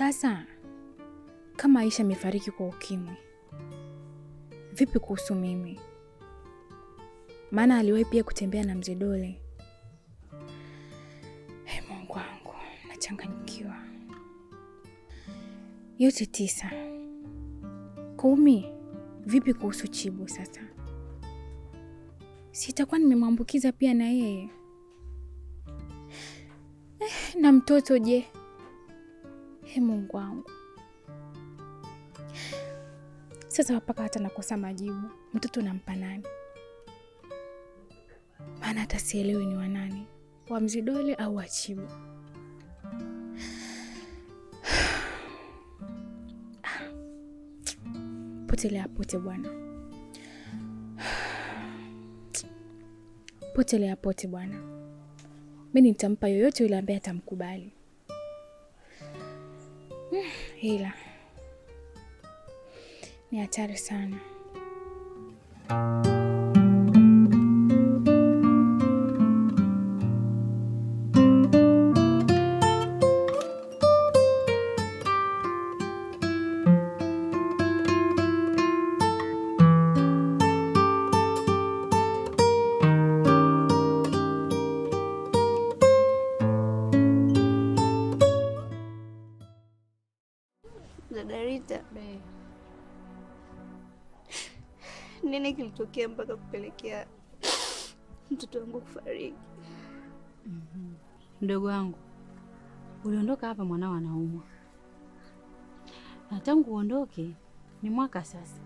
Sasa kama Aisha amefariki kwa ukimwi, vipi kuhusu mimi? Maana aliwahi pia kutembea na mzee Dole. Hey, Mungu wangu, nachanganyikiwa. Yote tisa kumi. Vipi kuhusu Chibu sasa? Sitakuwa nimemwambukiza pia na yeye eh? Na mtoto je? He ee Mungu wangu. Sasa mpaka hata nakosa majibu, mtoto nampa nani? Maana hata sielewi ni wanani, wa Mzidole au wa Chibu. Potelea pote bwana, potelea pote bwana. Mimi nitampa yoyote yule ambaye atamkubali. Hila ni hatari sana. nini kilitokea mpaka kupelekea mtoto wangu kufariki? mm -hmm. Mdogo wangu uliondoka hapa, mwanao anaumwa, na tangu uondoke ni mwaka sasa,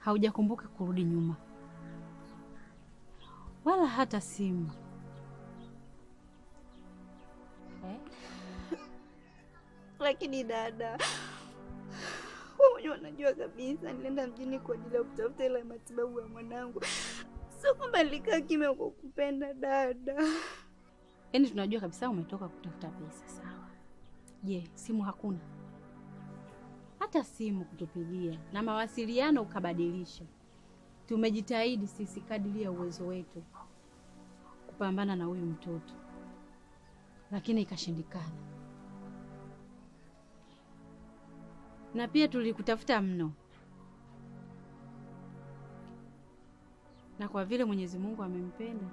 haujakumbuka kurudi nyuma wala hata simu eh? Lakini dada huyo. anajua kabisa nilienda mjini kwa ajili ya kutafuta ile matibabu ya mwanangu, sio kwamba nilikaa kimya kwa kupenda dada. Yaani tunajua kabisa umetoka kutafuta pesa, sawa. Je, simu hakuna? Hata simu kutupigia na mawasiliano ukabadilisha. Tumejitahidi sisi kadiri ya uwezo wetu kupambana na huyu mtoto, lakini ikashindikana. na pia tulikutafuta mno, na kwa vile Mwenyezi Mungu amempenda,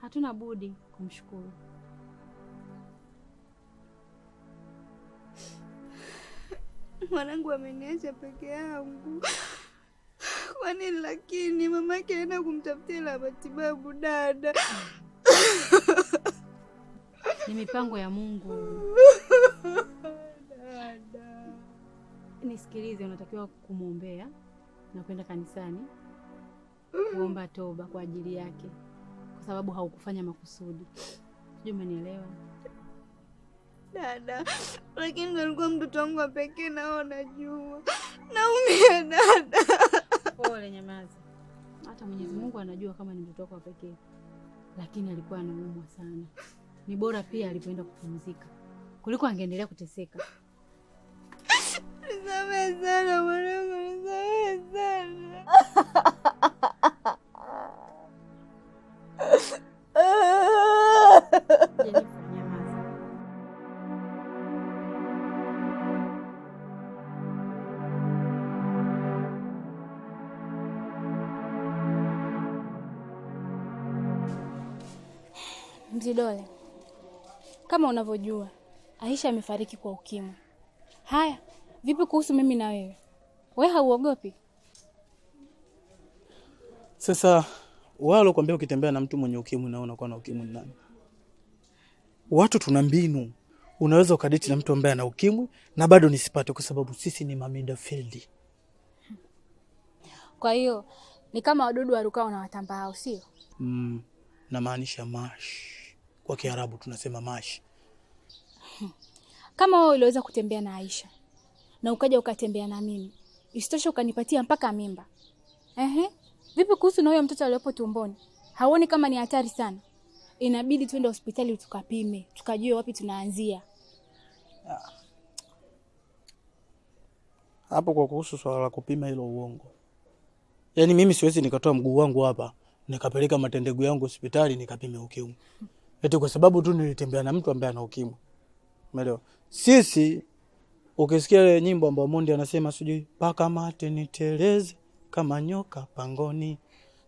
hatuna budi kumshukuru. Mwanangu ameniacha peke yangu. Kwa nini lakini? Mama yake aenda kumtafutia la matibabu dada. Ni mipango ya Mungu. nisikilize, unatakiwa kumwombea na kwenda kanisani kuomba toba kwa ajili yake, kwa sababu haukufanya makusudi. Sijui umenielewa dada, lakini alikuwa mtoto wangu wa pekee, nao najua naumia dada. Pole, nyamaza. Hata Mwenyezi Mungu anajua kama ni mtoto wako wa pekee, lakini alikuwa anaumwa sana. Ni bora pia alipoenda kupumzika kuliko angeendelea kuteseka sana mwanangu, nisamehe sana. Mzidole, kama unavyojua Aisha amefariki kwa ukimwi. Haya, Vipi kuhusu mimi na wewe? We hauogopi? Sasa wao walokuambia ukitembea na mtu mwenye ukimwi na unakuwa na ukimwi nani? Watu tuna mbinu, unaweza ukaditi na mtu ambaye ana ukimwi na bado nisipate, kwa sababu sisi ni Mamida Field. Kwa hiyo ni kama wadudu warukao na watambao, sio? Mm, namaanisha mash. Kwa Kiarabu tunasema mash. Hmm. Kama wewe uliweza kutembea na Aisha na ukaja ukatembea na mimi, isitoshe ukanipatia mpaka mimba. Ehe, vipi kuhusu na huyo mtoto aliyepo tumboni? Hauoni kama ni hatari sana? Inabidi tuende hospitali tukapime, tukajue wapi tunaanzia ah. hapo. Kwa kuhusu swala la kupima hilo, uongo. Yaani mimi siwezi nikatoa mguu wangu hapa nikapeleka matendegu yangu hospitali nikapime ukimwi eti kwa sababu tu nilitembea na mtu ambaye ana ukimwi. Umeelewa? Sisi Ukisikia ile nyimbo ambayo Mondi anasema sijui paka mate niteleze kama nyoka pangoni.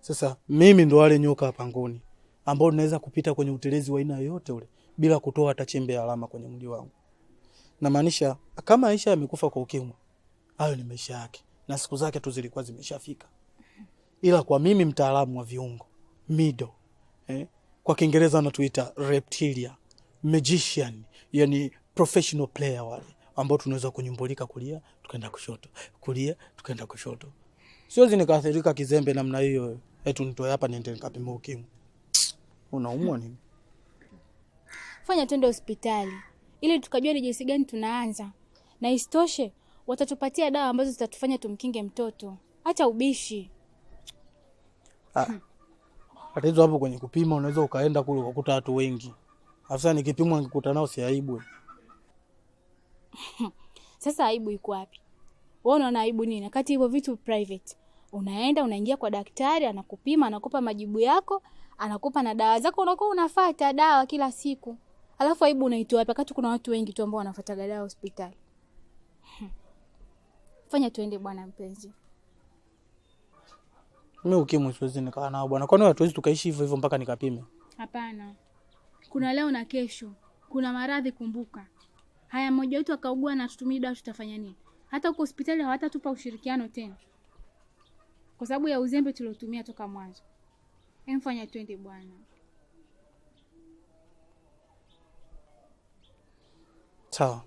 Sasa mimi ndo wale nyoka pangoni ambao naweza kupita kwenye utelezi wa aina yoyote ule bila kutoa hata chembe ya alama kwenye mji wangu. Na maanisha kama Aisha amekufa kwa ukimwi, hayo ni maisha yake na siku zake tu zilikuwa zimeshafika. Ila kwa mimi mtaalamu wa viungo, mido, eh, kwa Kiingereza anatuita reptilia, magician, yani professional player wale ambao tunaweza kunyumbulika kulia tukaenda kushoto, kulia tukaenda kushoto. Siwezi nikaathirika kizembe namna hiyo, etu nitoe hapa niende nikapima ukimwi. Unaumwa nini? Fanya twende hospitali ili tukajua ni jinsi gani tunaanza, na isitoshe watatupatia dawa ambazo zitatufanya tumkinge mtoto. Acha ubishi. Ah, tatizo hapo kwenye kupima, unaweza ukaenda kule ukakuta watu wengi, afisa nikipimwa nikikuta nao siaibwe Sasa aibu iko wapi? Wewe unaona aibu nini? Kati hivyo vitu private. Unaenda unaingia kwa daktari, anakupima, anakupa majibu yako, anakupa na dawa zako, unakuwa unafuata dawa kila siku. Alafu aibu unaitoa wapi? Kati kuna watu wengi tu ambao wanafuata dawa hospitali. Fanya tuende bwana mpenzi. Mimi ukimwi siwezi nikaa nao bwana. Kwani hatuwezi tukaishi hivyo hivyo mpaka nikapime? Hapana. Kuna leo na kesho. Kuna maradhi kumbuka haya mmoja wetu akaugua na tutumii dawa, tutafanya nini? Hata huko hospitali hawatatupa ushirikiano tena kwa sababu ya uzembe tuliotumia toka mwanzo. Emfanya twende bwana. Sawa,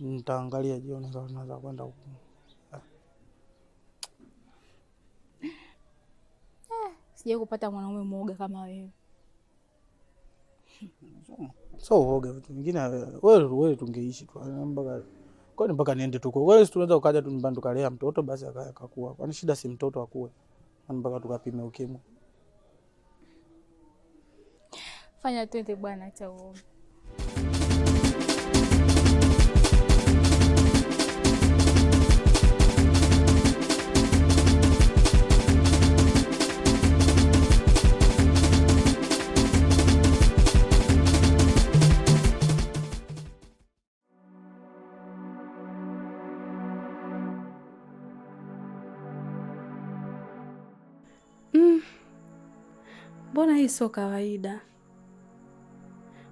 nitaangalia jioni kama naweza kwenda huko. Eh, sijai kupata mwanaume mwoga kama wewe so uoga vitu vingine wewe wewe, tungeishi tu mpaka kwa mpaka niende tuko wewe, si tunaweza ukaja tu nyumbani tukalea mtoto basi akakuwa. Kwani shida si mtoto akue, mpaka tukapime ukimwi? Fanya twende bwana, acha uoga. Mbona hii sio kawaida?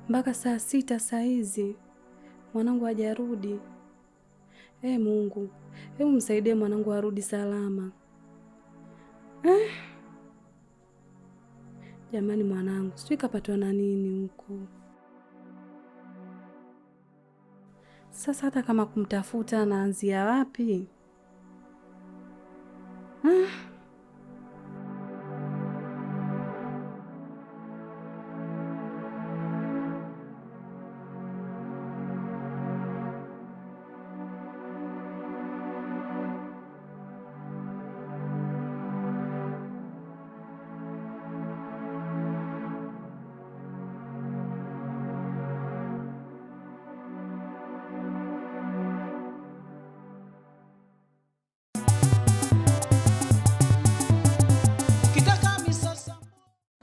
Mpaka saa sita saa hizi mwanangu hajarudi. e Mungu, hebu msaidie mwanangu arudi salama eh. Jamani, mwanangu sijui kapatwa na nini huko. Sasa hata kama kumtafuta anaanzia wapi ah?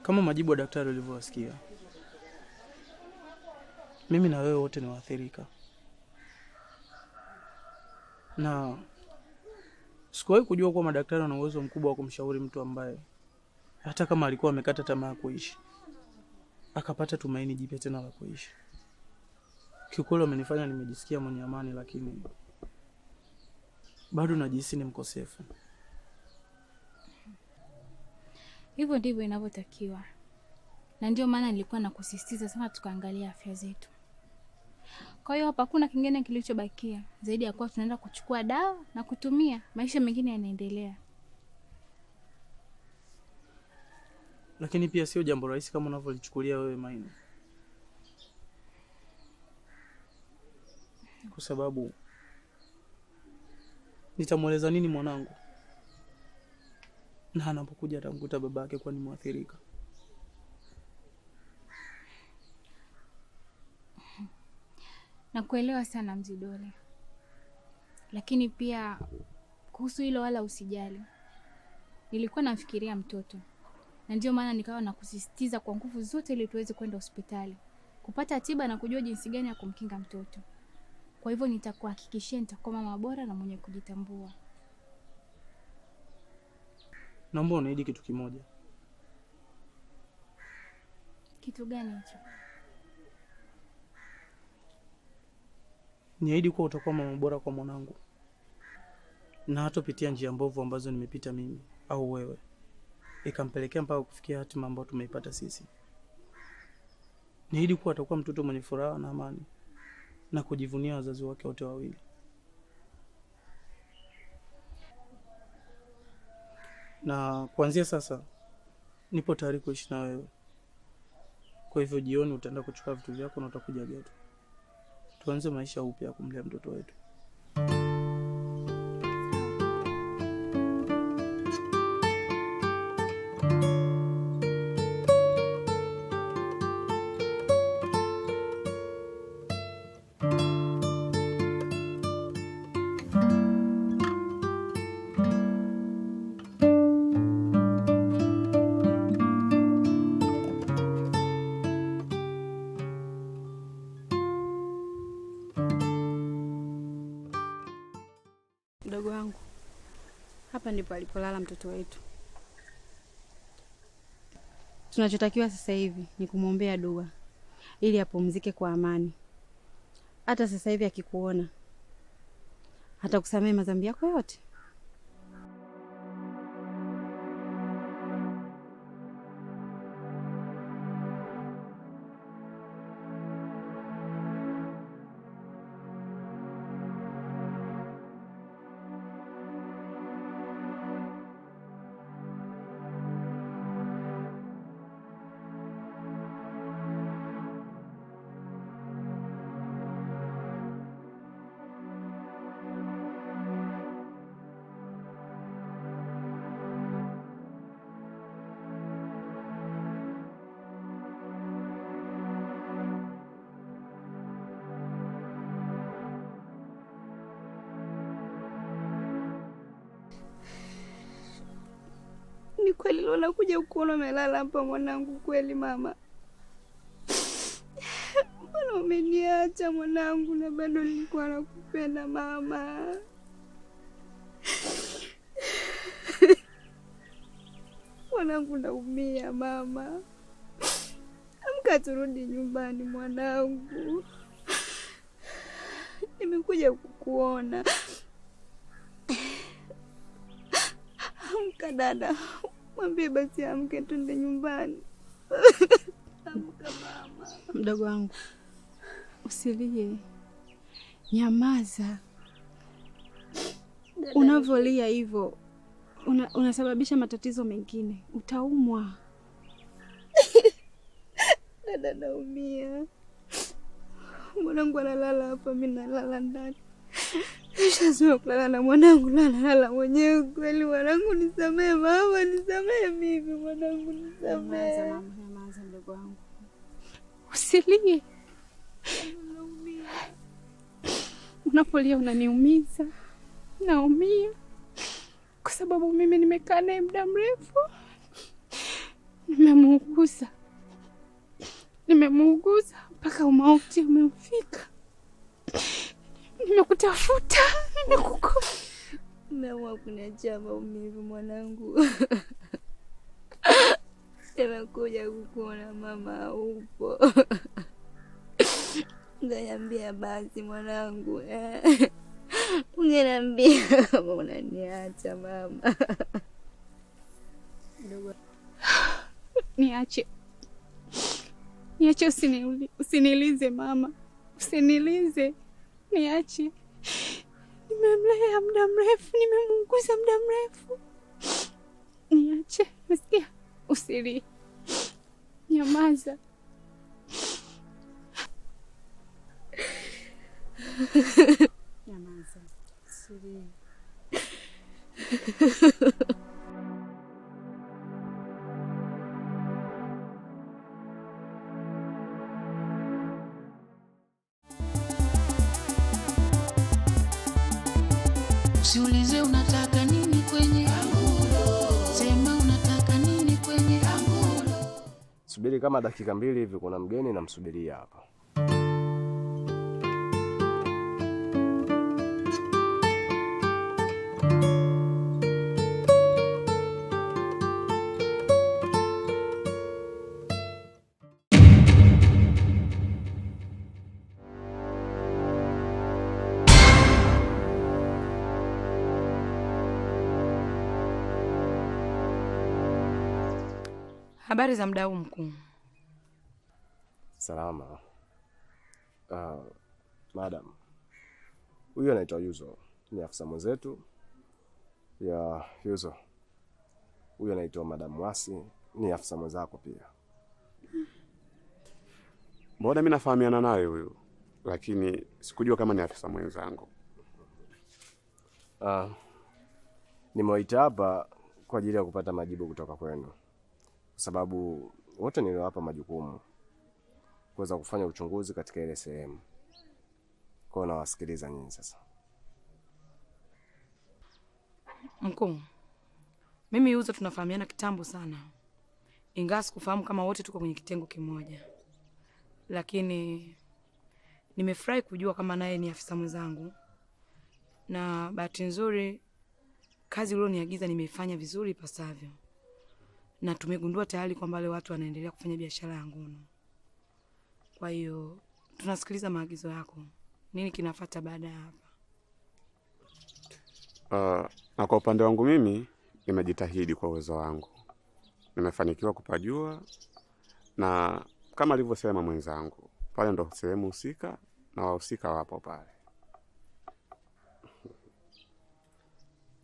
kama majibu ya daktari ulivyowasikia, mimi na wewe wote ni waathirika, na sikuwahi kujua kuwa madaktari wana uwezo mkubwa wa kumshauri mtu ambaye hata kama alikuwa amekata tamaa ya kuishi akapata tumaini jipya tena la kuishi. Kiukweli amenifanya nimejisikia mwenye amani, lakini bado najihisi ni mkosefu. Hivyo ndivyo inavyotakiwa, na ndio maana nilikuwa nakusisitiza sana tukaangalia afya zetu. Kwa hiyo hapa hakuna kingine kilichobakia zaidi ya kuwa tunaenda kuchukua dawa na kutumia, maisha mengine yanaendelea. Lakini pia sio jambo rahisi kama unavyolichukulia wewe Maina, kwa sababu nitamweleza nini mwanangu? na anapokuja atamkuta yake kuwa ni mwathirika. Nakuelewa sana Mzidole, lakini pia kuhusu hilo wala usijali. Nilikuwa namfikiria mtoto na ndio maana nikawa nakusisitiza kwa nguvu zote, ili tuweze kwenda hospitali kupata tiba na kujua jinsi gani ya kumkinga mtoto. Kwa hivyo nitakuhakikishia nitakuwa mama bora na mwenye kujitambua naomba unaahidi kitu kimoja. Kitu gani hicho? Niahidi kuwa utakuwa mama bora kwa mwanangu na hatopitia njia mbovu ambazo nimepita mimi au wewe, ikampelekea mpaka kufikia hatima ambayo tumeipata sisi. Niahidi kuwa atakuwa mtoto mwenye furaha na amani na kujivunia wazazi wake wote wawili. na kuanzia sasa nipo tayari kuishi na wewe. Kwa hivyo jioni utaenda kuchukua vitu vyako na utakuja getu, tuanze maisha upya ya kumlea mtoto wetu. hapa ndipo alipolala mtoto wetu. Tunachotakiwa sasa hivi ni kumwombea dua ili apumzike kwa amani. Hata sasa hivi akikuona, kusamehe madhambi yako yote. hilo la kuja kuona umelala hapa mwanangu. Kweli mama, mbona umeniacha mwanangu, na bado nilikuwa nakupenda mama. Mwanangu naumia mama, amka turudi nyumbani mwanangu, nimekuja kukuona. Amka dada. Mwambie basi amke twende nyumbani. Amka mama. Mdogo wangu usilie, nyamaza. Unavyolia hivyo una, unasababisha matatizo mengine, utaumwa. Dada naumia, mwanangu analala hapa, mimi nalala ndani Nishazima kulala na mwanangu, lala lala mwenyewe kweli. Mwanangu nisamehe, mama nisamehe, mimi mwanangu nisamehe. Mdogo wangu usilie, unapolia unaniumiza, naumia kwa sababu mimi nimekaa naye muda mrefu, nimemuuguza, nimemuuguza mpaka umauti umemfika. Nakutafuta, nakukosa. Umeamua kuniachia maumivu mwanangu. Nimekuja kukuona mama, upo Ungeniambia basi mwanangu, ungeniambia eh. kama unaniacha mama. Niache, niache, usinilize mama, usinilize niache. Nimemlea muda mrefu, nimemunguza muda mrefu, niache. Nasikia Usilie, nyamaza. nyamaza, usilie nafikiri kama dakika mbili hivi kuna mgeni namsubiria hapa. Habari za mdau mkuu. Salama. Uh, madam, huyu anaitwa Yuzo, ni afisa mwenzetu ya Yuzo. Huyu anaitwa madam Wasi, ni afisa mwenzako pia. Mbona mi nafahamiana naye huyu, lakini sikujua kama ni afisa mwenzangu. Uh, nimewaita hapa kwa ajili ya kupata majibu kutoka kwenu, kwa sababu wote niliwapa majukumu kuweza kufanya uchunguzi katika ile sehemu. Kwa hiyo nawasikiliza nyinyi sasa. Mkuu, mimi Yuzo tunafahamiana kitambo sana, ingawa sikufahamu kama wote tuko kwenye kitengo kimoja, lakini nimefurahi kujua kama naye ni afisa mwenzangu, na bahati nzuri kazi ulioniagiza nimeifanya vizuri ipasavyo, na tumegundua tayari kwamba wale watu wanaendelea kufanya biashara ya ngono. Kwa hiyo tunasikiliza maagizo yako. Nini kinafata baada ya hapa? Uh, na kwa upande wangu mimi nimejitahidi kwa uwezo wangu, nimefanikiwa kupajua, na kama alivyosema mwenzangu pale, ndo sehemu husika na wahusika wapo pale.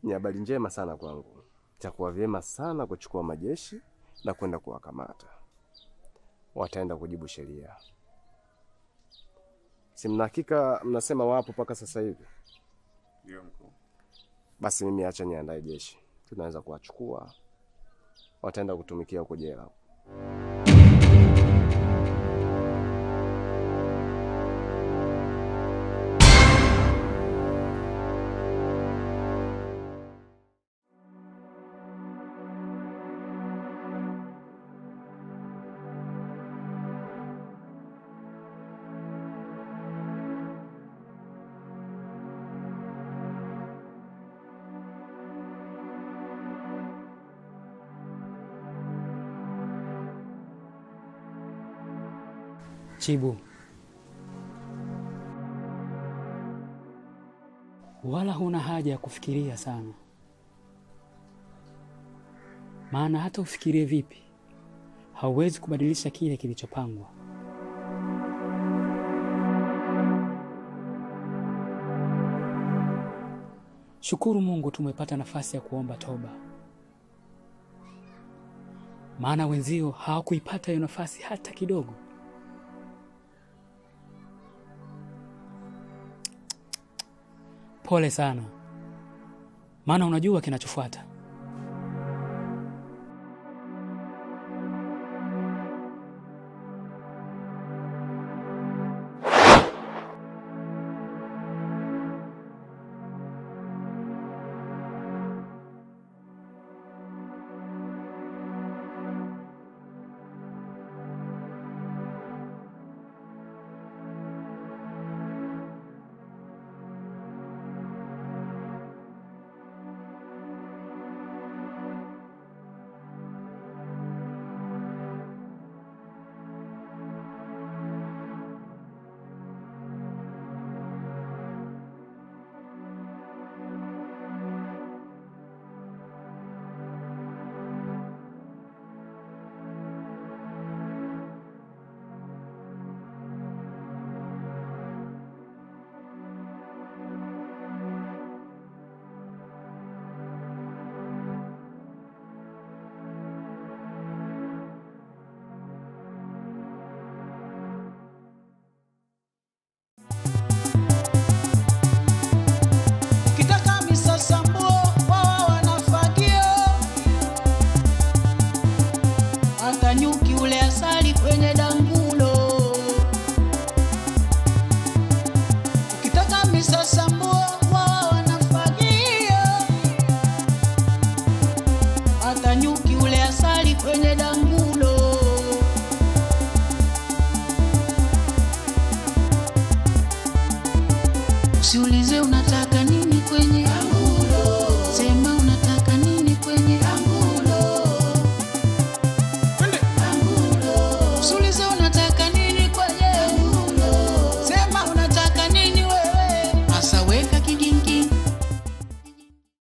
Ni habari njema sana kwangu, itakuwa vyema sana kuchukua majeshi na kwenda kuwakamata, wataenda kujibu sheria. Si mna hakika mnasema wapo mpaka sasa hivi? Ndio mkuu. Basi mimi acha niandae jeshi, tunaweza kuwachukua, wataenda kutumikia huko jela. Chibu, wala huna haja ya kufikiria sana, maana hata ufikirie vipi, hauwezi kubadilisha kile kilichopangwa. Shukuru Mungu tumepata nafasi ya kuomba toba, maana wenzio hawakuipata hiyo nafasi hata kidogo. pole sana, maana unajua kinachofuata.